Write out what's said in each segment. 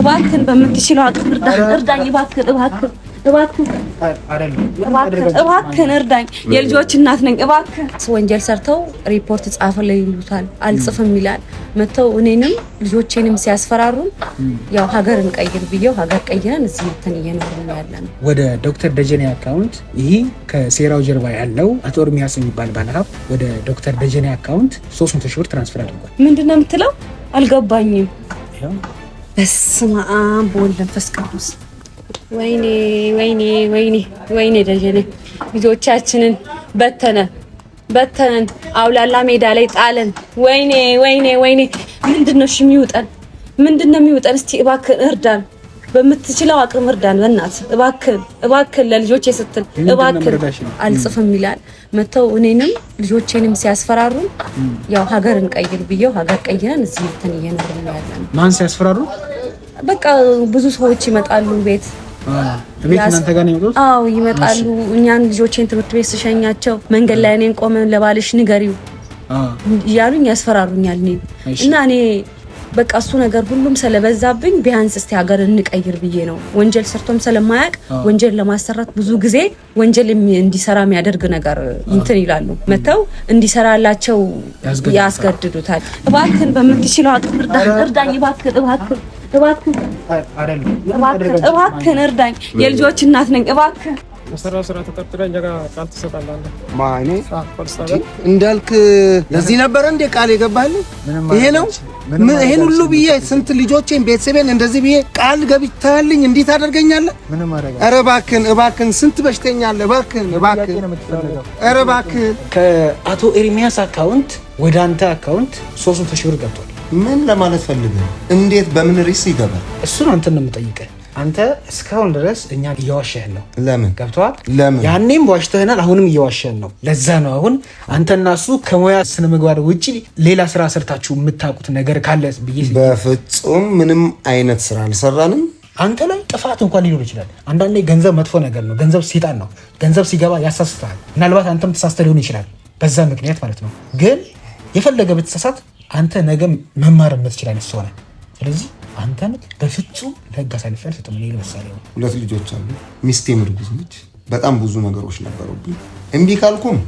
እባክህን በምትችለው አቅም እርዳኝ። እባክህን እባክህን እባክህን እባክህን እርዳኝ። የልጆች እናት ነኝ። እባክህን ወንጀል ሰርተው ሪፖርት ጻፍልኝ ይሉታል። አልጽፍም ይላል። መተው እኔንም ልጆቼንም ሲያስፈራሩን ያው ሀገር እንቀይር ብየው ሀገር ቀይረን እዚህ መተን እየኖር ያለ ነው። ወደ ዶክተር ደጀኔ አካውንት ይህ ከሴራው ጀርባ ያለው አቶ እርሚያስ የሚባል ባለሀብት ወደ ዶክተር ደጀኔ አካውንት 300 ሺህ ብር ትራንስፈር አድርጓል። ምንድን ነው የምትለው? አልገባኝም በስመ አብ በወልድ መንፈስ ቅዱስ። ወይኔ ወይኔ ወይኔ ወይኔ ደጀኔ ልጆቻችንን በተነ በተነን፣ አውላላ ሜዳ ላይ ጣለን። ወይኔ ወይኔ ወይኔ ምንድን ነው የሚውጠን? ምንድን ነው የሚውጠን? እስቲ እባክህን እርዳን። በምትችለው አቅም እርዳን። በእናት እባክህን እባክህን ለልጆቼ ስትል እባክህን አልጽፍም ይላል። መተው እኔንም ልጆቼንም ሲያስፈራሩ ያው ሀገር እንቀይር ብየው ሀገር ቀይረን እዚህ እንትን እየኖርን ነው ያለን። ማን ሲያስፈራሩ? በቃ ብዙ ሰዎች ይመጣሉ ቤት አዎ ይመጣሉ። እኛን ልጆቼን ትምህርት ቤት ስሸኛቸው መንገድ ላይ እኔን ቆመን ለባልሽ ንገሪው እያሉኝ ያስፈራሩኛል። እኔ እና እኔ በቃ እሱ ነገር ሁሉም ስለበዛብኝ ቢያንስ እስቲ ሀገር እንቀይር ብዬ ነው። ወንጀል ሰርቶም ስለማያውቅ ወንጀል ለማሰራት ብዙ ጊዜ ወንጀል እንዲሰራ የሚያደርግ ነገር እንትን ይላሉ። መተው እንዲሰራላቸው ያስገድዱታል። እባክን በምትችለው አቅም እርዳኝ፣ እባክህን፣ እባክህን፣ እባክህን፣ እባክህን እባክን፣ እባክን እባክህን እርዳኝ የልጆች እናት ነኝ። እባክህን በሰራው ስራ ተጠርጥረህ ቃል ትሰጣለህ። እንዳልክ ለዚህ ነበረ እንደ ቃል የገባህልኝ ይሄ ነው ይሄን ሁሉ ብዬ ስንት ልጆቼን ቤተሰቤን እንደዚህ ብዬ ቃል ገብተህልኝ እንዲህ ታደርገኛለህ? ኧረ እባክህን እባክህን፣ ስንት በሽተኛ አለ። እባክህን እባክህን፣ ኧረ እባክህን። ከአቶ ኤርሚያስ አካውንት ወደ አንተ አካውንት ሶስት መቶ ሺህ ብር ገብቷል። ምን ለማለት ፈልግ? እንዴት በምን ሪስ ይገባል? እሱን አንተን ነው የምጠይቀህ አንተ እስካሁን ድረስ እኛ እየዋሸህን ነው። ለምን ገብተዋል? ለምን ያኔም ዋሽተህናል፣ አሁንም እየዋሸህን ነው። ለዛ ነው አሁን አንተና እሱ ከሙያ ስነ ምግባር ውጭ ሌላ ስራ ሰርታችሁ የምታውቁት ነገር ካለ ብዬ በፍጹም ምንም አይነት ስራ አልሰራንም። አንተ ላይ ጥፋት እንኳን ሊኖር ይችላል። አንዳንዴ ገንዘብ መጥፎ ነገር ነው። ገንዘብ ሴጣን ነው። ገንዘብ ሲገባ ያሳስታል። ምናልባት አንተም ተሳስተ ሊሆን ይችላል፣ በዛ ምክንያት ማለት ነው። ግን የፈለገ ብትሳሳት አንተ ነገ መማር የምትችል አይነት ስለዚህ አንተን በፍጹም ለህግ አሳልፌ አልሰጥም። እኔ ለምሳሌ ሁለት ልጆች አሉ፣ ሚስቴም እርጉዝ ነች። በጣም ብዙ ነገሮች ነበሩብኝ። እምቢ ካልኩም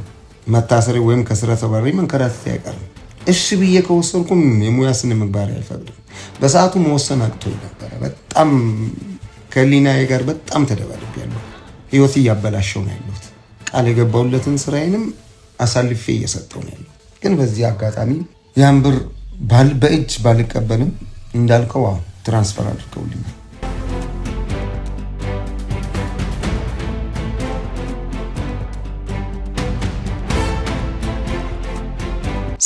መታሰሪ ወይም ከስራ ተባሪ መንከራተት አይቀርም። እሺ ብዬ ከወሰንኩም የሙያ ስነ ምግባር አይፈቅድም። በሰዓቱ መወሰን አቅቶኝ ነበረ። በጣም ከህሊናዬ ጋር በጣም ተደባድቤያለሁ። ህይወት እያበላሸው ነው ያለሁት። ቃል የገባሁለትን ስራዬንም አሳልፌ እየሰጠው ነው ያለሁት። ግን በዚህ አጋጣሚ ያን ብር በእጅ ባልቀበልም እንዳልከው ትራንስፈር አድርገውልኛል።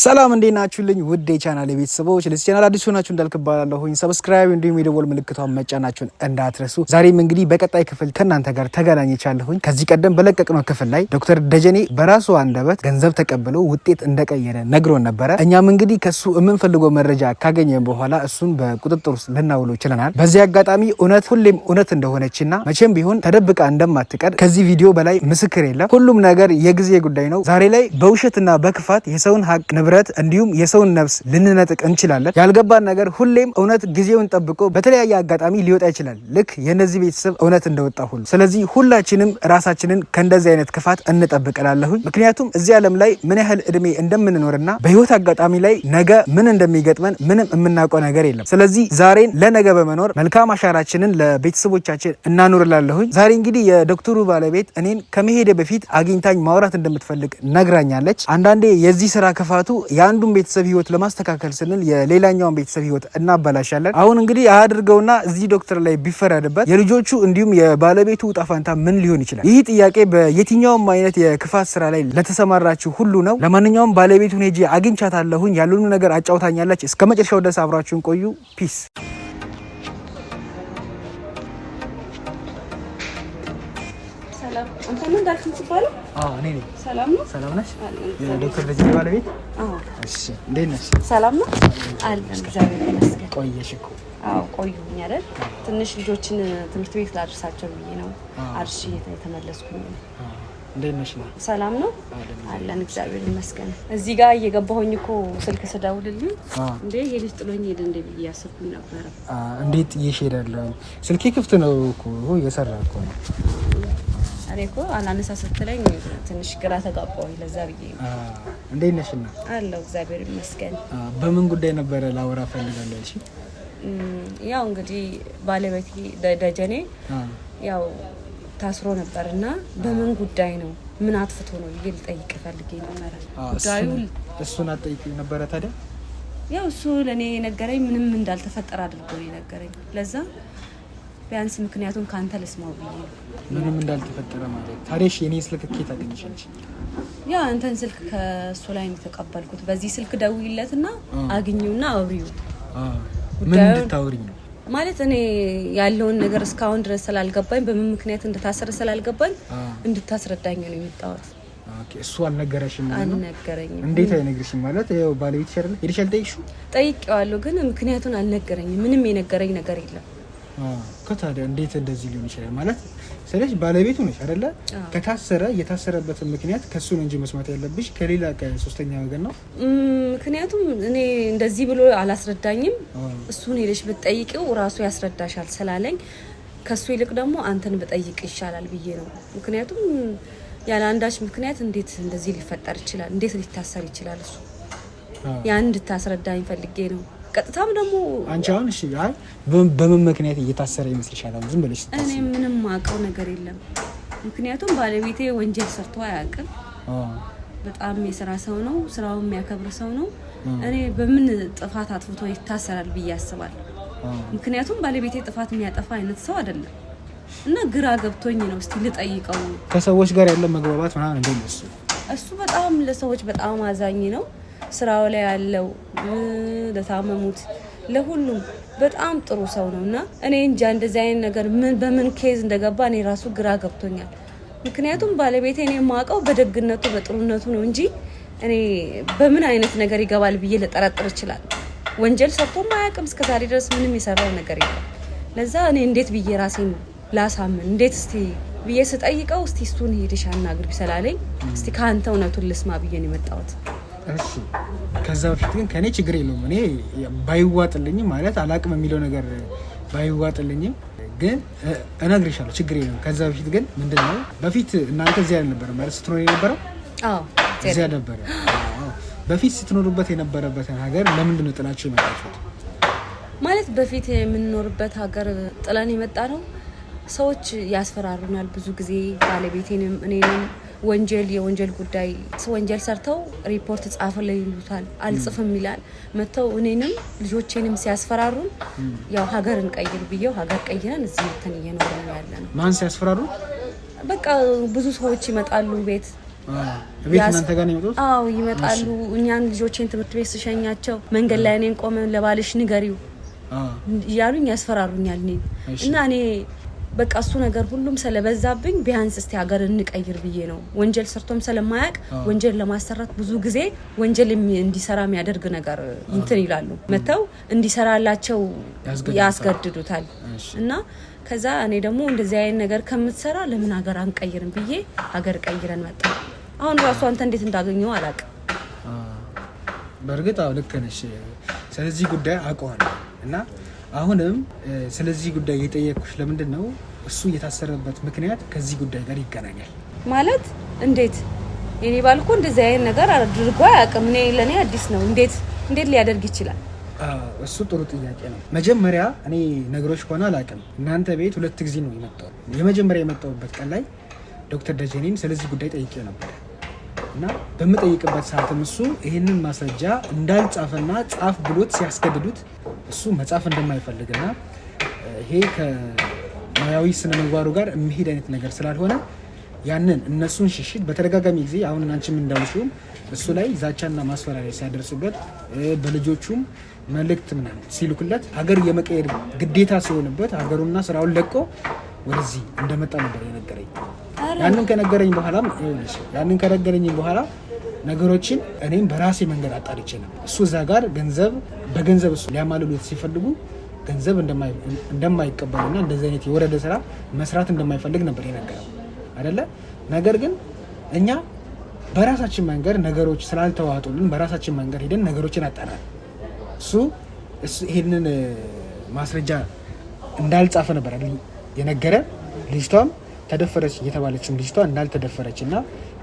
ሰላም እንዴት ናችሁልኝ? ውድ የቻናል የቤተሰቦች ለዚህ ቻናል አዲስ ሆናችሁ እንዳልክባላለሁኝ ሰብስክራይብ እንዲሁም የደወል ምልክቷን መጫናችሁን እንዳትረሱ። ዛሬም እንግዲህ በቀጣይ ክፍል ከእናንተ ጋር ተገናኝቻለሁኝ። ከዚህ ቀደም በለቀቅነው ክፍል ላይ ዶክተር ደጀኔ በራሱ አንደበት ገንዘብ ተቀብሎ ውጤት እንደቀየረ ነግሮን ነበረ። እኛም እንግዲህ ከሱ የምንፈልገው መረጃ ካገኘን በኋላ እሱን በቁጥጥር ውስጥ ልናውሎ ችለናል። በዚህ አጋጣሚ እውነት ሁሌም እውነት እንደሆነችና መቼም ቢሆን ተደብቃ እንደማትቀር ከዚህ ቪዲዮ በላይ ምስክር የለም። ሁሉም ነገር የጊዜ ጉዳይ ነው። ዛሬ ላይ በውሸትና በክፋት የሰውን ሀቅ ንብረት እንዲሁም የሰውን ነፍስ ልንነጥቅ እንችላለን። ያልገባን ነገር ሁሌም እውነት ጊዜውን ጠብቆ በተለያየ አጋጣሚ ሊወጣ ይችላል፣ ልክ የእነዚህ ቤተሰብ እውነት እንደወጣ ሁሉ። ስለዚህ ሁላችንም ራሳችንን ከእንደዚህ አይነት ክፋት እንጠብቅላለሁኝ። ምክንያቱም እዚህ ዓለም ላይ ምን ያህል እድሜ እንደምንኖርና በህይወት አጋጣሚ ላይ ነገ ምን እንደሚገጥመን ምንም የምናውቀው ነገር የለም። ስለዚህ ዛሬን ለነገ በመኖር መልካም አሻራችንን ለቤተሰቦቻችን እናኖርላለሁኝ። ዛሬ እንግዲህ የዶክተሩ ባለቤት እኔን ከመሄደ በፊት አግኝታኝ ማውራት እንደምትፈልግ ነግራኛለች። አንዳንዴ የዚህ ስራ ክፋቱ የአንዱን ቤተሰብ ህይወት ለማስተካከል ስንል የሌላኛውን ቤተሰብ ህይወት እናበላሻለን። አሁን እንግዲህ አድርገውና እዚህ ዶክተር ላይ ቢፈረድበት የልጆቹ እንዲሁም የባለቤቱ ዕጣ ፈንታ ምን ሊሆን ይችላል? ይህ ጥያቄ በየትኛውም አይነት የክፋት ስራ ላይ ለተሰማራችሁ ሁሉ ነው። ለማንኛውም ባለቤቱን ሄጄ አግኝቻታለሁኝ ያሉን ነገር አጫውታኛለች። እስከ መጨረሻው ድረስ አብራችሁን ቆዩ። ፒስ ሰላም። አንተ ሰላም ሰላም ነሽ? የዶክተር ልጅ ባለቤት? እሺ፣ እንዴት ነሽ? ሰላም ነው አለን። እግዚአብሔር ይመስገን። ቆየሽ እኮ። አዎ ቆየሁኝ አይደል። ትንሽ ልጆችን ትምህርት ቤት ላድርሳቸው ብዬ ነው አድርሼ የተመለስኩኝ። እንዴት ነሽ? ሰላም ነው አለን። እግዚአብሔር ይመስገን። እዚህ ጋር እየገባሁኝ እኮ ስልክ ስደውልልኝ እንዴ ይሄ ልጅ ጥሎኝ ሄደ ብዬ ያሰብኩኝ ነበረ። እንዴት ሄዳለሁ? ስልኬ ክፍት ነው እኮ እኮ ነው እኔ እኮ አላነሳ ስትለኝ ትንሽ ግራ ተጋባሁኝ። ለዛ ብዬ እንዴት ነሽ? ና አለው። እግዚአብሔር ይመስገን። በምን ጉዳይ ነበረ ላወራ ፈልጋለሁ? እሺ ያው እንግዲህ ባለቤቴ ደጀኔ ያው ታስሮ ነበር እና በምን ጉዳይ ነው ምን አጥፍቶ ነው ብዬ ልጠይቅ ፈልጌ ነበረ። ጉዳዩ እሱን አጠይቅ ነበረ። ታዲያ ያው እሱ ለእኔ የነገረኝ ምንም እንዳልተፈጠረ አድርጎ ነው የነገረኝ። ለዛ ቢያንስ ምክንያቱን ከአንተ ልስማው ብዬ ነው። ምንም እንዳልተፈጠረ ማለት ታዲያሽ የኔ ስልክ ኬት አገኘሻች? ያ አንተን ስልክ ከእሱ ላይ ነው የተቀበልኩት። በዚህ ስልክ ደውይለትና አግኙና አውሪው። ምን እንድታወሪኝ ነው ማለት እኔ ያለውን ነገር እስካሁን ድረስ ስላልገባኝ በምን ምክንያት እንደታሰረ ስላልገባኝ እንድታስረዳኝ ነው የመጣሁት። እሱ አልነገረሽም? አልነገረኝም። እንዴት አይነግርሽም? ማለት ያው ባለቤት ሸርለ ሄደሽ አልጠይቅሽው? ጠይቄዋለሁ፣ ግን ምክንያቱን አልነገረኝም። ምንም የነገረኝ ነገር የለም። ከታዲያ እንዴት እንደዚህ ሊሆን ይችላል? ማለት ስለሽ ባለቤቱ ነሽ አይደለ? ከታሰረ የታሰረበትን ምክንያት ከሱ ነው እንጂ መስማት ያለብሽ ከሌላ ከሶስተኛ ወገን ነው። ምክንያቱም እኔ እንደዚህ ብሎ አላስረዳኝም። እሱን ሄደሽ ብትጠይቂው ራሱ ያስረዳሻል ስላለኝ ከሱ ይልቅ ደግሞ አንተን ብጠይቅ ይሻላል ብዬ ነው። ምክንያቱም ያለ አንዳች ምክንያት እንዴት እንደዚህ ሊፈጠር ይችላል? እንዴት ሊታሰር ይችላል? እሱ ያን እንድታስረዳኝ ፈልጌ ነው። ቀጥታም ደግሞ አንቺ አሁን እሺ፣ አይ በምን ምክንያት እየታሰረ ይመስልሻል? ዝም ብለሽ እኔ ምንም ማቀው ነገር የለም። ምክንያቱም ባለቤቴ ወንጀል ሰርቶ አያውቅም። በጣም የስራ ሰው ነው፣ ስራው የሚያከብር ሰው ነው። እኔ በምን ጥፋት አጥፍቶ ይታሰራል ብዬ አስባለሁ። ምክንያቱም ባለቤቴ ጥፋት የሚያጠፋ አይነት ሰው አይደለም እና ግራ ገብቶኝ ነው። እስቲ ልጠይቀው። ከሰዎች ጋር ያለ መግባባት ምናምን እንደነሱ እሱ በጣም ለሰዎች በጣም አዛኝ ነው። ስራው ላይ ያለው ለታመሙት ለሁሉም በጣም ጥሩ ሰው ነው እና እኔ እንጃ እንደዚህ አይነት ነገር በምን ኬዝ እንደገባ እኔ ራሱ ግራ ገብቶኛል። ምክንያቱም ባለቤቴ እኔ የማውቀው በደግነቱ በጥሩነቱ ነው እንጂ እኔ በምን አይነት ነገር ይገባል ብዬ ልጠረጥር ይችላል። ወንጀል ሰርቶም አያውቅም እስከዛሬ ድረስ ምንም የሰራው ነገር የለም። ለዛ እኔ እንዴት ብዬ ራሴን ላሳምን እንዴት እስቲ ብዬ ስጠይቀው እስቲ እሱን ሄደሽ አናግሪ ስላለኝ እስቲ ከአንተ እውነቱን ልስማ ብዬ ነው የመጣሁት። እሺ ከዛ በፊት ግን ከእኔ ችግር የለውም። እኔ ባይዋጥልኝም ማለት አላቅም የሚለው ነገር ባይዋጥልኝም ግን እነግርሻለሁ፣ ችግር የለውም። ከዛ በፊት ግን ምንድን ነው በፊት እናንተ እዚያ አልነበረም ማለት ስትኖር የነበረው እዚያ ነበረ። በፊት ስትኖሩበት የነበረበትን ሀገር ለምንድን ነው ጥላችሁ የመጣችሁት? ማለት በፊት የምንኖርበት ሀገር ጥለን የመጣ ነው። ሰዎች ያስፈራሩናል ብዙ ጊዜ ባለቤቴንም እኔንም ወንጀል የወንጀል ጉዳይ ወንጀል ሰርተው ሪፖርት ጻፍልኝ ይሉታል። አልጽፍም ይላል። መጥተው እኔንም ልጆቼንም ሲያስፈራሩን ያው ሀገር እንቀይር ብዬው ሀገር ቀይረን እዚህ መተን እየኖርን ያለ ነው። ማን ሲያስፈራሩ? በቃ ብዙ ሰዎች ይመጣሉ ቤት አዎ ይመጣሉ። እኛን ልጆቼን ትምህርት ቤት ስሸኛቸው መንገድ ላይ እኔን ቆመን ለባልሽ ንገሪው እያሉኝ ያስፈራሩኛል። እኔ እና እኔ በቃ እሱ ነገር ሁሉም ስለበዛብኝ ቢያንስ እስቲ ሀገር እንቀይር ብዬ ነው። ወንጀል ሰርቶም ስለማያውቅ ወንጀል ለማሰራት ብዙ ጊዜ ወንጀል እንዲሰራ የሚያደርግ ነገር እንትን ይላሉ፣ መተው እንዲሰራላቸው ያስገድዱታል። እና ከዛ እኔ ደግሞ እንደዚህ አይነት ነገር ከምትሰራ ለምን ሀገር አንቀይርም ብዬ ሀገር ቀይረን መጣ። አሁን ራሱ አንተ እንዴት እንዳገኘው አላውቅም። በእርግጥ ልክ ነሽ። ስለዚህ ጉዳይ አውቀዋለሁ እና አሁንም ስለዚህ ጉዳይ የጠየቅኩሽ ለምንድን ነው እሱ የታሰረበት ምክንያት ከዚህ ጉዳይ ጋር ይገናኛል። ማለት እንዴት? የኔ ባል እኮ እንደዚህ አይነት ነገር አድርጎ አያውቅም። እኔ ለእኔ አዲስ ነው። እንዴት እንዴት ሊያደርግ ይችላል? እሱ ጥሩ ጥያቄ ነው። መጀመሪያ እኔ ነገሮች ከሆነ አላውቅም፣ እናንተ ቤት ሁለት ጊዜ ነው የመጣው። የመጀመሪያ የመጣውበት ቀን ላይ ዶክተር ደጀኔን ስለዚህ ጉዳይ ጠይቄ ነበር እና በምጠይቅበት ሰዓትም እሱ ይህንን ማስረጃ እንዳልጻፈና ጻፍ ብሎት ሲያስገድዱት እሱ መጻፍ እንደማይፈልግና ይሄ ሙያዊ ስነ ምግባሩ ጋር የሚሄድ አይነት ነገር ስላልሆነ ያንን እነሱን ሽሽት በተደጋጋሚ ጊዜ አሁን አንቺም እንዳልሽውም እሱ ላይ ዛቻና ማስፈራሪያ ሲያደርሱበት በልጆቹም መልእክት ምናምን ሲልኩለት ሀገር የመቀየር ግዴታ ሲሆንበት ሀገሩና ስራውን ለቆ ወደዚህ እንደመጣ ነበር የነገረኝ። ያንን ከነገረኝ በኋላም ያንን ከነገረኝ በኋላ ነገሮችን እኔም በራሴ መንገድ አጣሪቼ ነበር። እሱ እዛ ጋር ገንዘብ በገንዘብ እሱ ሊያማልሉት ሲፈልጉ ገንዘብ እንደማይቀበልና እንደዚህ አይነት የወረደ ስራ መስራት እንደማይፈልግ ነበር የነገረው አይደለ። ነገር ግን እኛ በራሳችን መንገድ ነገሮች ስላልተዋጡልን በራሳችን መንገድ ሄደን ነገሮችን አጣራል። እሱ ይህንን ማስረጃ እንዳልጻፈ ነበር የነገረ። ልጅቷም ተደፈረች እየተባለችም ልጅቷ እንዳልተደፈረች እና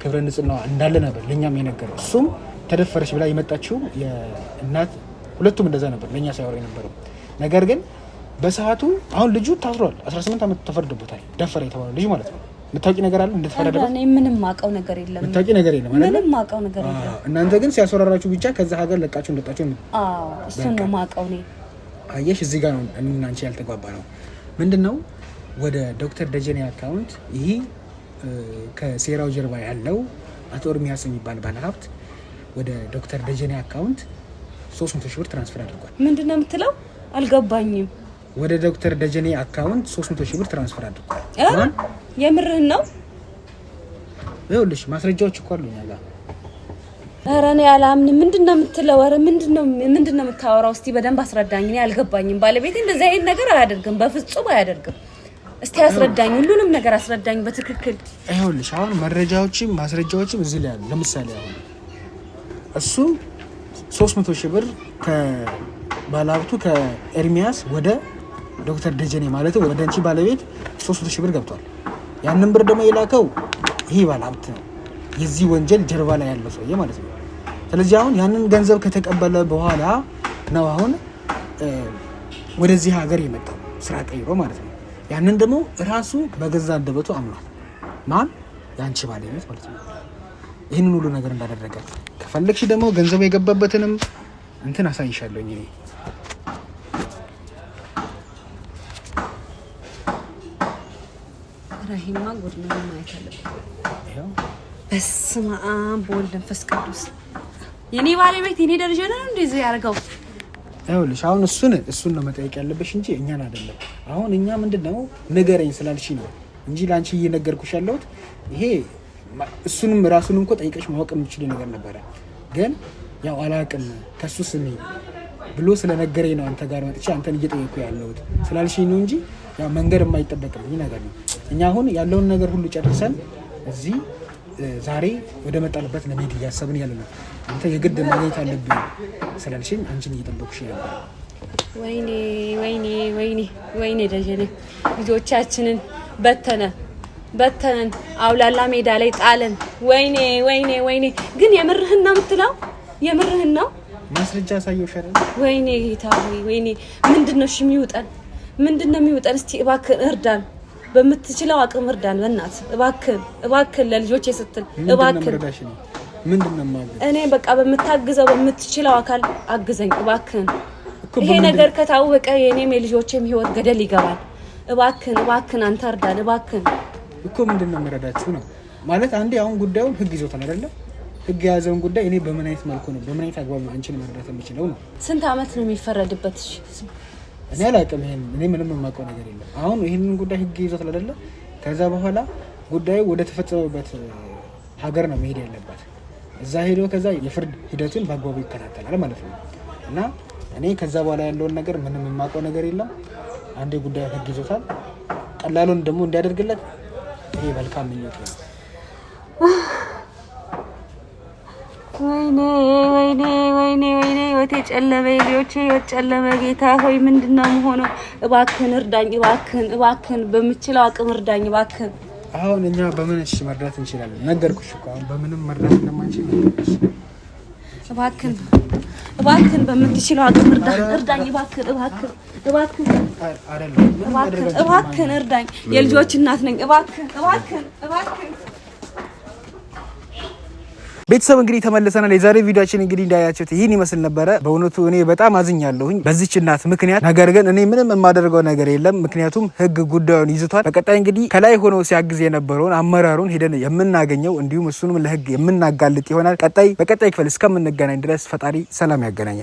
ክብረ ንጽህናዋ እንዳለ ነበር ለእኛም የነገረው። እሱም ተደፈረች ብላ የመጣችው የእናት ሁለቱም እንደዛ ነበር ለእኛ ሳይወራ የነበረው ነገር ግን በሰዓቱ አሁን ልጁ ታስሯል። 18 ዓመት ተፈርዶበታል። ደፈረ የተባለው ልጅ ማለት ነው። የምታውቂ ነገር አለ እንደተፈረደበት? እኔ ምንም አውቀው ነገር የለም። የምታውቂ ነገር የለም አይደል? ምንም አውቀው ነገር የለም። እናንተ ግን ሲያስወራራችሁ ብቻ ከዛ ሀገር ለቃችሁ እንደወጣችሁ። አዎ እሱን ነው የማውቀው እኔ። አየሽ፣ እዚህ ጋር ነው እኔና አንቺ ያልተግባባ ነው። ምንድነው ወደ ዶክተር ደጀኔ አካውንት ይሄ ከሴራው ጀርባ ያለው አቶ እርሚያስ የሚባል ባለሀብት ወደ ዶክተር ደጀኔ አካውንት 300 ሺህ ብር ትራንስፈር አድርጓል። ምንድነው የምትለው? አልገባኝም። ወደ ዶክተር ደጀኔ አካውንት 300 ሺህ ብር ትራንስፈር አድርጓል። የምርህን ነው? ይኸውልሽ ማስረጃዎች እኮ አሉኝ አላ ኧረ እኔ አላምንም። ምንድን ነው የምትለው? ኧረ ምንድን ነው ምንድን ነው የምታወራው? እስቲ በደንብ አስረዳኝ። እኔ አልገባኝም። ባለቤቴ እንደዚህ አይነት ነገር አያደርግም፣ በፍጹም አያደርግም። እስቲ አስረዳኝ፣ ሁሉንም ነገር አስረዳኝ በትክክል። ይኸውልሽ አሁን መረጃዎችም ማስረጃዎችም እዚህ ላይ አሉ። ለምሳሌ አሁን እሱ 300 ሺህ ብር ባለሀብቱ ከኤርሚያስ ወደ ዶክተር ደጀኔ ማለት ወደ አንቺ ባለቤት 300 ሺህ ብር ገብቷል። ያንን ብር ደግሞ የላከው ይሄ ባለሀብት ነው፣ የዚህ ወንጀል ጀርባ ላይ ያለው ሰውዬ ማለት ነው። ስለዚህ አሁን ያንን ገንዘብ ከተቀበለ በኋላ ነው አሁን ወደዚህ ሀገር የመጣው ስራ ቀይሮ ማለት ነው። ያንን ደግሞ ራሱ በገዛ አንደበቱ አምኗል። ማን የአንቺ ባለቤት ማለት ነው። ይህንን ሁሉ ነገር እንዳደረገ ከፈለግሽ ደግሞ ገንዘቡ የገባበትንም እንትን አሳይሻለሁ እኔ ይሄማ ጉድ ነው ማየት አለብን። በስመ አብ በወልድ መንፈስ ቅዱስ የኔ ባለቤት የኔ ደረጃ ነው እንደዚህ ያደርገው። ይኸውልሽ አሁን እሱን እሱን ነው መጠየቅ ያለብሽ እንጂ እኛን አይደለም። አሁን እኛ ምንድን ነው ንገረኝ ስላልሽ ነው እንጂ ለአንቺ እየነገርኩሽ ያለሁት ይሄ እሱንም ራሱን እኮ ጠይቀሽ ማወቅ የምችል ነገር ነበረ፣ ግን ያው አላቅም ከሱ ስሚ ብሎ ስለነገረኝ ነው አንተ ጋር መጥቼ አንተን እየጠየኩ ያለሁት ስላልሽኝ ነው እንጂ ያው መንገድ የማይጠበቅም ይህ ነገር ነው። እኛ አሁን ያለውን ነገር ሁሉ ጨርሰን እዚህ ዛሬ ወደ መጣልበት ለመሄድ እያሰብን ያለ ነው። አንተ የግድ ማግኘት አለብኝ ስላልሽኝ አንቺን እየጠበኩሽ ነበር። ወይኔ ወይኔ ወይኔ ወይኔ ደጀኔ ልጆቻችንን በተነ በተነን፣ አውላላ ሜዳ ላይ ጣለን። ወይኔ ወይኔ ወይኔ። ግን የምርህን ነው የምትለው? የምርህን ነው? ማስረጃ ሳየውሽ አይደል? ወይኔ ጌታ፣ ወይኔ ምንድን ነው እሺ የሚውጠን? ምንድን ነው የሚውጠን? እስቲ እባክህ እርዳን። በምትችለው አቅም እርዳን። በእናት እባክን እባክን፣ ለልጆች ስትል እባክን። እኔ በቃ በምታግዘው በምትችለው አካል አግዘኝ እባክን። ይሄ ነገር ከታወቀ የእኔም የልጆችም ህይወት ገደል ይገባል። እባክን እባክን፣ አንተ እርዳን እባክን። እኮ ምንድን ነው የምረዳችሁ ነው ማለት አንዴ አሁን ጉዳዩን ህግ ይዞታል አይደለ? ህግ የያዘውን ጉዳይ እኔ በምን አይነት መልኩ ነው በምን አይነት አግባብ ነው አንቺን መረዳት የሚችለው ነው። ስንት አመት ነው የሚፈረድበት? እኔ አላውቅም። ይሄን እኔ ምንም የማውቀው ነገር የለም። አሁን ይህንን ጉዳይ ህግ ይዞት አይደለ? ከዛ በኋላ ጉዳዩ ወደ ተፈጸመበት ሀገር ነው መሄድ ያለባት። እዛ ሄዶ ከዛ የፍርድ ሂደቱን በአግባቡ ይከታተላል ማለት ነው። እና እኔ ከዛ በኋላ ያለውን ነገር ምንም የማውቀው ነገር የለም። አንዴ ጉዳዩ ህግ ይዞታል። ቀላሉን ደግሞ እንዲያደርግለት ይሄ መልካም ምኞት ነው። ወይኔ ወይኔ ወይኔ ወይኔ ህይወቴ ጨለመ፣ የልጆቼ ህይወት ጨለመ። ጌታ ሆይ ምንድን ነው የምሆነው? እባክህን እርዳኝ፣ እባክህን እባክህን፣ በምችለው አቅም እርዳኝ እባክህን። አሁን እኛ በምን እሺ መርዳት እንችላለን? ነገርኩሽ እኮ አሁን በምንም መርዳት እንደማንችል እባክህን እባክህን በምትችለው አቅም እርዳኝ እባክህን እባክህን እባክህን እባክህን እባክህን እርዳኝ። የልጆች እናት ነኝ። እባክህን እባክህን እባክህን ቤተሰብ እንግዲህ ተመልሰናል። የዛሬ ቪዲዮችን እንግዲህ እንዳያቸው ይህን ይመስል ነበረ። በእውነቱ እኔ በጣም አዝኛለሁኝ በዚች እናት ምክንያት። ነገር ግን እኔ ምንም የማደርገው ነገር የለም፣ ምክንያቱም ህግ ጉዳዩን ይዝቷል። በቀጣይ እንግዲህ ከላይ ሆኖ ሲያግዝ የነበረውን አመራሩን ሄደን የምናገኘው እንዲሁም እሱንም ለህግ የምናጋልጥ ይሆናል። ቀጣይ በቀጣይ ክፍል እስከምንገናኝ ድረስ ፈጣሪ ሰላም ያገናኛል።